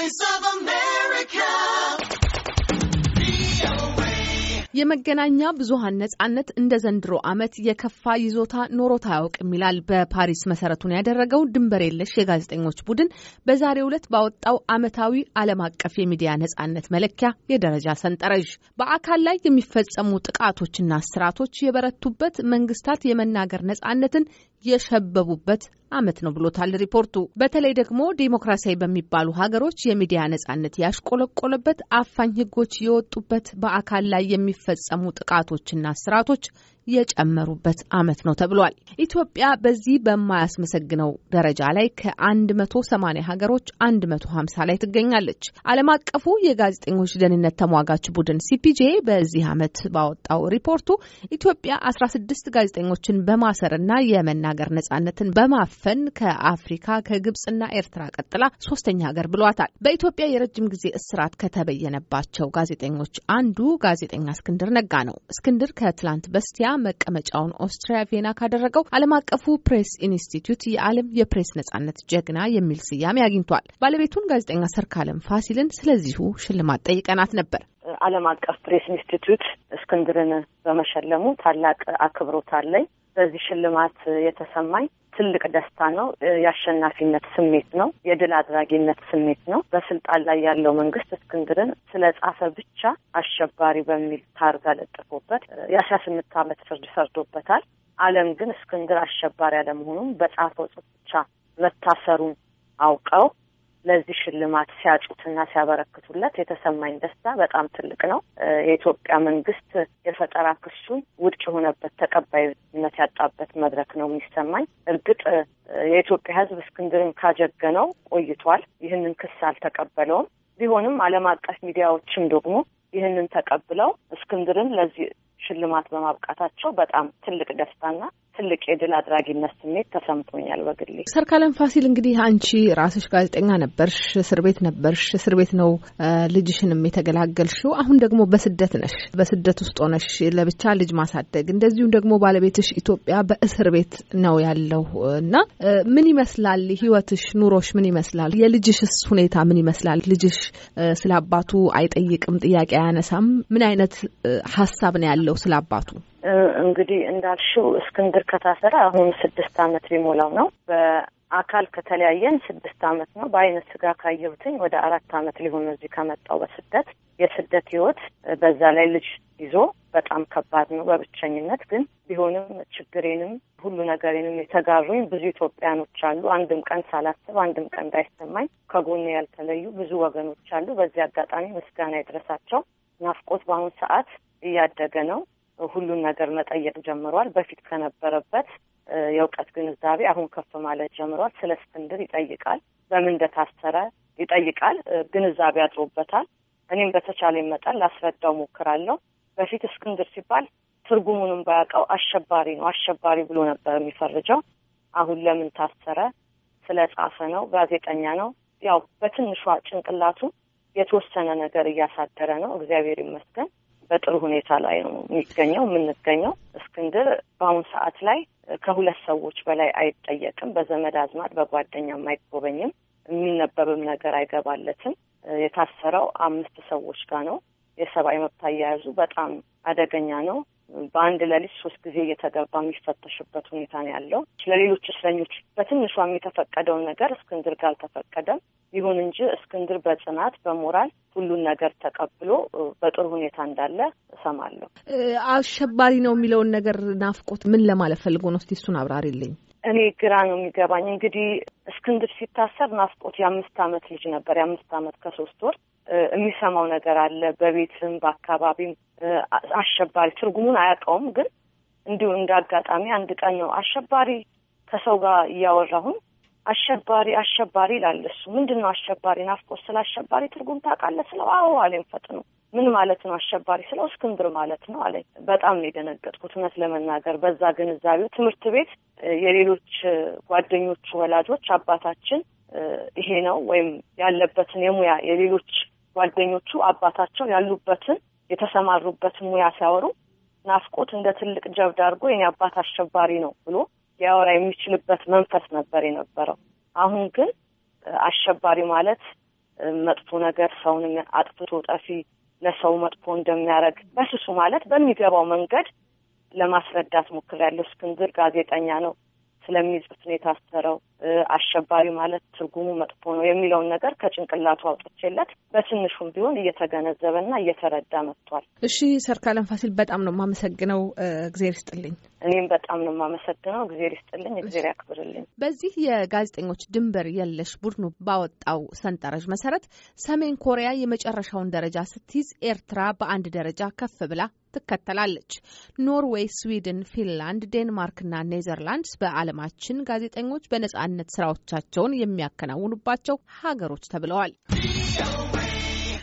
Voice of America. የመገናኛ ብዙሃን ነጻነት እንደ ዘንድሮ ዓመት የከፋ ይዞታ ኖሮት አያውቅም ይላል በፓሪስ መሰረቱን ያደረገው ድንበር የለሽ የጋዜጠኞች ቡድን በዛሬው ዕለት ባወጣው ዓመታዊ ዓለም አቀፍ የሚዲያ ነጻነት መለኪያ የደረጃ ሰንጠረዥ። በአካል ላይ የሚፈጸሙ ጥቃቶችና ስርዓቶች የበረቱበት መንግስታት የመናገር ነጻነትን የሸበቡበት ዓመት ነው ብሎታል ሪፖርቱ። በተለይ ደግሞ ዴሞክራሲያዊ በሚባሉ ሀገሮች የሚዲያ ነጻነት ያሽቆለቆለበት፣ አፋኝ ሕጎች የወጡበት፣ በአካል ላይ የሚፈጸሙ ጥቃቶችና ስርዓቶች የጨመሩበት ዓመት ነው ተብሏል። ኢትዮጵያ በዚህ በማያስመሰግነው ደረጃ ላይ ከ180 ሀገሮች 150 ላይ ትገኛለች። ዓለም አቀፉ የጋዜጠኞች ደህንነት ተሟጋች ቡድን ሲፒጄ በዚህ ዓመት ባወጣው ሪፖርቱ ኢትዮጵያ 16 ጋዜጠኞችን በማሰርና የመናገር ነጻነትን በማፈን ከአፍሪካ ከግብፅና ኤርትራ ቀጥላ ሶስተኛ ሀገር ብሏታል። በኢትዮጵያ የረጅም ጊዜ እስራት ከተበየነባቸው ጋዜጠኞች አንዱ ጋዜጠኛ እስክንድር ነጋ ነው። እስክንድር ከትላንት በስቲያ መቀመጫውን ኦስትሪያ ቬና ካደረገው ዓለም አቀፉ ፕሬስ ኢንስቲትዩት የዓለም የፕሬስ ነጻነት ጀግና የሚል ስያሜ አግኝቷል። ባለቤቱን ጋዜጠኛ ሰርካለም ፋሲልን ስለዚሁ ሽልማት ጠይቀናት ነበር። ዓለም አቀፍ ፕሬስ ኢንስቲትዩት እስክንድርን በመሸለሙ ታላቅ አክብሮት አለኝ። በዚህ ሽልማት የተሰማኝ ትልቅ ደስታ ነው። የአሸናፊነት ስሜት ነው። የድል አድራጊነት ስሜት ነው። በስልጣን ላይ ያለው መንግስት እስክንድርን ስለ ጻፈ ብቻ አሸባሪ በሚል ታርጋ ለጥፎበት የአስራ ስምንት ዓመት ፍርድ ፈርዶበታል። ዓለም ግን እስክንድር አሸባሪ አለመሆኑም በጻፈው ጽሑፍ ብቻ መታሰሩን አውቀው ለዚህ ሽልማት ሲያጩትና ሲያበረክቱለት የተሰማኝ ደስታ በጣም ትልቅ ነው። የኢትዮጵያ መንግስት የፈጠራ ክሱን ውድቅ የሆነበት ተቀባይነት ያጣበት መድረክ ነው የሚሰማኝ። እርግጥ የኢትዮጵያ ሕዝብ እስክንድርን ካጀገነው ቆይቷል። ይህንን ክስ አልተቀበለውም። ቢሆንም ዓለም አቀፍ ሚዲያዎችም ደግሞ ይህንን ተቀብለው እስክንድርን ለዚህ ሽልማት በማብቃታቸው በጣም ትልቅ ደስታና ትልቅ የድል አድራጊነት ስሜት ተሰምቶኛል በግሌ። ሰርካለም ፋሲል እንግዲህ አንቺ ራስሽ ጋዜጠኛ ነበርሽ፣ እስር ቤት ነበርሽ፣ እስር ቤት ነው ልጅሽንም የተገላገልሽው። አሁን ደግሞ በስደት ነሽ። በስደት ውስጥ ሆነሽ ለብቻ ልጅ ማሳደግ እንደዚሁም ደግሞ ባለቤትሽ ኢትዮጵያ በእስር ቤት ነው ያለው እና ምን ይመስላል ህይወትሽ፣ ኑሮሽ ምን ይመስላል? የልጅሽስ ሁኔታ ምን ይመስላል? ልጅሽ ስለ አባቱ አይጠይቅም፣ ጥያቄ አያነሳም። ምን አይነት ሀሳብ ነው ያለው ስለ አባቱ? እንግዲህ እንዳልሽው እስክንድር ከታሰረ አሁን ስድስት ዓመት ሊሞላው ነው። በአካል ከተለያየን ስድስት አመት ነው። በአይነ ስጋ ካየሁትኝ ወደ አራት አመት ሊሆን እዚህ ከመጣው በስደት የስደት ህይወት በዛ ላይ ልጅ ይዞ በጣም ከባድ ነው በብቸኝነት ግን ቢሆንም ችግሬንም ሁሉ ነገሬንም የተጋሩኝ ብዙ ኢትዮጵያኖች አሉ። አንድም ቀን ሳላስብ አንድም ቀን እንዳይሰማኝ ከጎኔ ያልተለዩ ብዙ ወገኖች አሉ። በዚህ አጋጣሚ ምስጋና ይድረሳቸው። ናፍቆት በአሁኑ ሰዓት እያደገ ነው። ሁሉን ነገር መጠየቅ ጀምሯል። በፊት ከነበረበት የእውቀት ግንዛቤ አሁን ከፍ ማለት ጀምሯል። ስለ እስክንድር ይጠይቃል። በምን እንደታሰረ ይጠይቃል። ግንዛቤ አጥሮበታል። እኔም በተቻለ መጠን ላስረዳው ሞክራለሁ። በፊት እስክንድር ሲባል ትርጉሙንም ባያውቀው አሸባሪ ነው አሸባሪ ብሎ ነበር የሚፈርጀው። አሁን ለምን ታሰረ፣ ስለ ጻፈ ነው፣ ጋዜጠኛ ነው። ያው በትንሿ ጭንቅላቱ የተወሰነ ነገር እያሳደረ ነው። እግዚአብሔር ይመስገን። በጥሩ ሁኔታ ላይ ነው የሚገኘው የምንገኘው። እስክንድር በአሁኑ ሰዓት ላይ ከሁለት ሰዎች በላይ አይጠየቅም። በዘመድ አዝማድ በጓደኛም አይጎበኝም። የሚነበብም ነገር አይገባለትም። የታሰረው አምስት ሰዎች ጋር ነው። የሰብአዊ መብት አያያዙ በጣም አደገኛ ነው። በአንድ ሌሊት ሶስት ጊዜ እየተገባ የሚፈተሽበት ሁኔታ ነው ያለው። ለሌሎች እስረኞች በትንሿም የተፈቀደው ነገር እስክንድር ጋር አልተፈቀደም። ይሁን እንጂ እስክንድር በጽናት በሞራል ሁሉን ነገር ተቀብሎ በጥሩ ሁኔታ እንዳለ እሰማለሁ። አሸባሪ ነው የሚለውን ነገር ናፍቆት ምን ለማለት ፈልጎ ነው? እስቲ እሱን አብራሪልኝ። እኔ ግራ ነው የሚገባኝ። እንግዲህ እስክንድር ሲታሰር ናፍቆት የአምስት ዓመት ልጅ ነበር። የአምስት አመት ከሶስት ወር የሚሰማው ነገር አለ። በቤትም በአካባቢም አሸባሪ ትርጉሙን አያውቀውም፣ ግን እንዲሁ እንደ አጋጣሚ አንድ ቀን ነው አሸባሪ ከሰው ጋር እያወራሁን አሸባሪ አሸባሪ ይላል እሱ። ምንድን ነው አሸባሪ? ናፍቆት ስለ አሸባሪ ትርጉም ታውቃለህ ስለው አዎ አለኝ ፈጥኖ። ምን ማለት ነው አሸባሪ ስለው እስክንድር ማለት ነው አለኝ። በጣም ነው የደነገጥኩት እውነት ለመናገር በዛ ግንዛቤው። ትምህርት ቤት የሌሎች ጓደኞቹ ወላጆች አባታችን ይሄ ነው ወይም ያለበትን የሙያ የሌሎች ጓደኞቹ አባታቸው ያሉበትን የተሰማሩበትን ሙያ ሲያወሩ ናፍቆት እንደ ትልቅ ጀብድ አድርጎ የኔ አባት አሸባሪ ነው ብሎ ሊያወራ የሚችልበት መንፈስ ነበር የነበረው። አሁን ግን አሸባሪ ማለት መጥፎ ነገር ሰውን አጥፍቶ ጠፊ ለሰው መጥፎ እንደሚያደርግ በስሱ ማለት በሚገባው መንገድ ለማስረዳት ሞክሬያለሁ። እስክንድር ጋዜጠኛ ነው፣ ስለሚጽፍ ነው የታሰረው አሸባሪ ማለት ትርጉሙ መጥፎ ነው የሚለውን ነገር ከጭንቅላቱ አውጥቼለት በትንሹም ቢሆን እየተገነዘበና እየተረዳ መጥቷል። እሺ ሰርካለም ፋሲል በጣም ነው የማመሰግነው። እግዜር ይስጥልኝ። እኔም በጣም ነው የማመሰግነው። እግዜር ይስጥልኝ። እግዜር ያክብርልኝ። በዚህ የጋዜጠኞች ድንበር የለሽ ቡድኑ ባወጣው ሰንጠረዥ መሰረት ሰሜን ኮሪያ የመጨረሻውን ደረጃ ስትይዝ ኤርትራ በአንድ ደረጃ ከፍ ብላ ትከተላለች። ኖርዌይ፣ ስዊድን፣ ፊንላንድ፣ ዴንማርክና ኔዘርላንድስ በዓለማችን ጋዜጠኞች በነጻ የነጻነት ስራዎቻቸውን የሚያከናውኑባቸው ሀገሮች ተብለዋል።